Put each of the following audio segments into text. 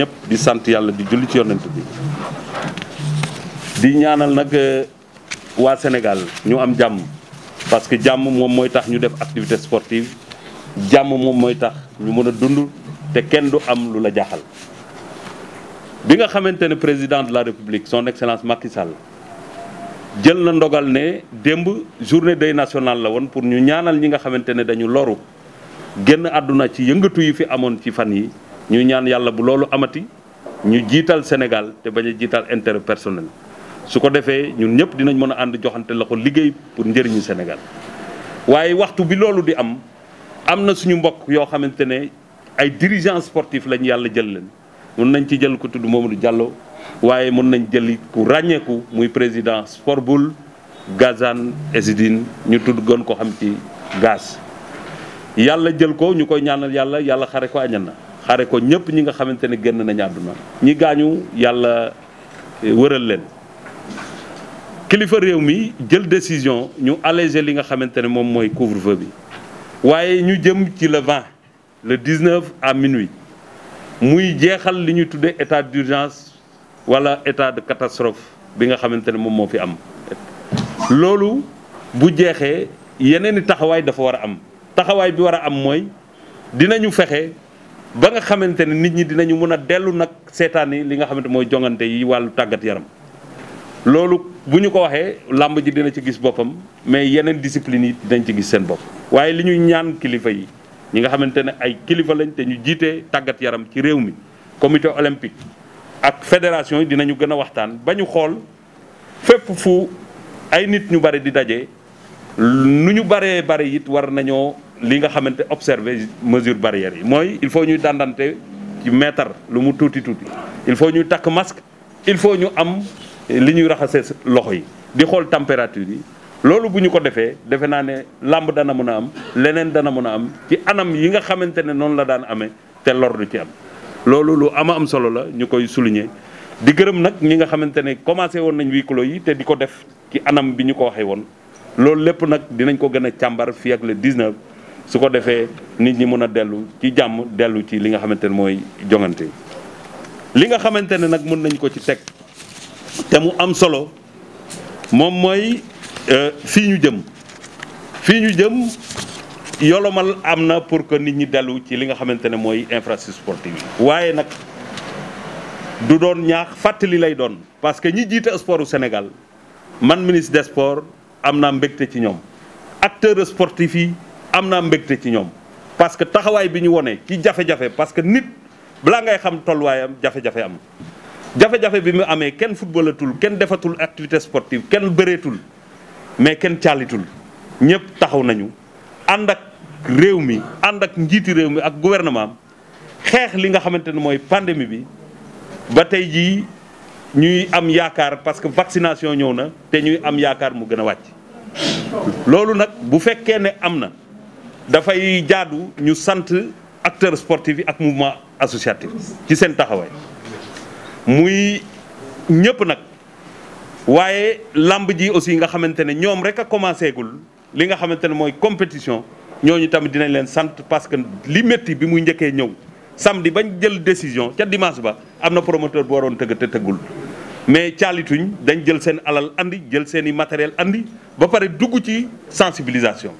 ñep di sant yalla di julli ci yonent bi di ñaanal nak euh, wa senegal ñu am jamm parce que jamm mom moy tax ñu def activité sportive jamm mom moy tax ñu mëna dund te kenn du am lula la jaaxal bi nga xamantene président de la république son excellence Macky Sall jël na ndogal ne demb journée day nationale la won pour ñu ñaanal ñi nga xamantene ne dañu loru genn aduna ci yëngatu yi fi amoon ci fan yi ñuy ñaan yàlla bu loolu amati ñu jiital Sénégal te bañ jiital intérêt personnel su ko defee ñun ñëpp dinañ mën a ànd joxante la ko liggéey pour njëriñu Sénégal waaye waxtu bi loolu di am am na suñu mbokk yoo xamante ne ay dirigeants sportifs lañ yàlla jël leen mën nañ ci jël ku tudd Mamadou Diallo waaye mën nañ jëli ku ràññeeku muy président Sport Boule Gazan Ezidine ñu tudd gon ko xam ci gaz yàlla jël ko ñu koy ñaanal yàlla yàlla xare ko añan na xare ko ñëpp ñi nga ne nañu aduna ñi gañu yalla eh, wëral leen kilifa réew jël décision ñu alléger li nga mom moy couvre-feu bi ñu jëm le 20 le 19 à minuit muy jéxal li ñu état d'urgence wala état de catastrophe bi nga fait une mo fi am loolu bu Nous yeneeni dafa am une bi am dinañu ba nga xamante ne nit ñi dinañu mën a dellu nag seetaan yi li nga xamante mooy jongante yi wàllu tàggat yaram loolu bu ñu ko waxee làmb ji dina ci gis boppam mais yeneen discipline yi dinañ ci gis seen bopp waaye li ñuy ñaan kilifa yi ñi nga xamante ne ay kilifa lañ te ñu jiitee tàggat yaram ci réew mi comité olympique ak fédération yi dinañu gën a waxtaan ba ñu xool fépp fu ay nit ñu bari di daje nu ñu baree bari it war nañoo li nga xamante observer mesure barrière Moi il faut ñuy dandante ci mètre lu mu tuuti il faut ñuy takk masque il faut ñu am li ñuy raxasee loxo di température yi loolu bu ñu ko defee defe naa dana a am leneen dana mën am ci anam yi nga xamante la daan ame te lor du ci am loolu lu ama am solo la ñu koy souligner di gërëm nag ñi nga xamante ne commencé woon nañ huis yi te di def ci anam bi ñu ko waxee woon loolu lépp nag dinañ ko gën ak le 19 su ko defee nit ñi mëna déllu ci jamm déllu ci li nga xamante moy jonganté li nga xamante nak mën nañ ko ci tek té mu am solo moom mooy euh, fii ñu jëm fii ñu jëm yolomal amna pour que nit ñi dellu ci li nga xamante moy infrastructure sportive yi nak du doon ñaax fatali lay doon parce que ñi jité sportu Sénégal man ministre des sports amna mbékté ci ñom acteurs sportifs am naa mbégte ci ñoom parce que taxawaay bi ñu wone ci jafe-jafe parce que nit balaa ngay xam tolluwaayam jafe-jafe am jafe-jafe bi mu amee kenn footballatul kenn defatul activité sportive kenn bëreetul mais kenn caalitul ñëpp taxaw nañu ànd ak réew mi ànd ak njiiti réew mi ak gouvernement xeex li nga xamante ne mooy pandémie bi ba tey jii ñuy am yaakaar parce que vaccination ñëw na te ñuy am yaakaar mu gën a wàcc loolu nag bu fekkee ne am na dafay jaadu ñu sant acteurs sportifs yi ak mouvement associatif ci seen taxawaay muy ñëpp nag waaye lamb ji aussi nga xamante ne ñoom rek a commencé gul li nga xamante ne mooy compétition ñooñu tamit dinañ leen sant parce que li métti bi muy njëkkee ñëw samedi bañ jël décision ca dimanche ba am na promoteur bu waroon tëgg te tëggul mais caalituñ dañ jël seen alal andi jël seen i matériel andi ba pare dugg ci sensibilisation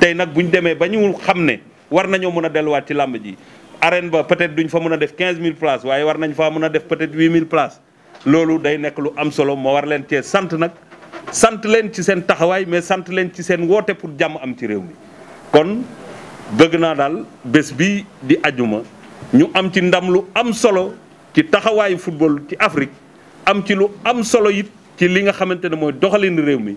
tey nag bu ñu demee ba ñu xam ne war nañoo mën a delluwaat ci làmb ji arène ba peut-être duñ fa mën a def 15000 places waaye war nañ faa mën a def peut-être 8000 places loolu day nekk lu am solo moo war leen cee sant nag sant leen ci seen taxawaay mais sant leen ci seen woote pour jàmm am ci réew mi kon bëgg naa daal bés bi di ajuma ñu am ci ndam lu am solo ci taxawaayu football ci Afrique am ci lu am solo it ci li nga xamante ne mooy doxalin réew mi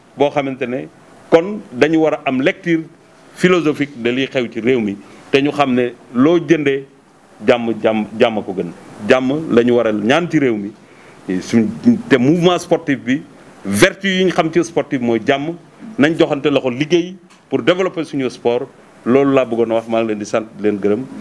boo xamante ne kon dañu war a am lecture philosophique de liy xew ci réew mi te ñu xam ne loo jëndee jàmm jàmm jàmm ko gën jàmm la ñu war a ñaan ci réew mi suñ te movement sportif bi vertu yi ñu xam ci sportif mooy jàmm nañ joxante loxo liggéey pour développer suñu sport loolu laa bëggoon a wax maa ngi leen di sant leen gërëm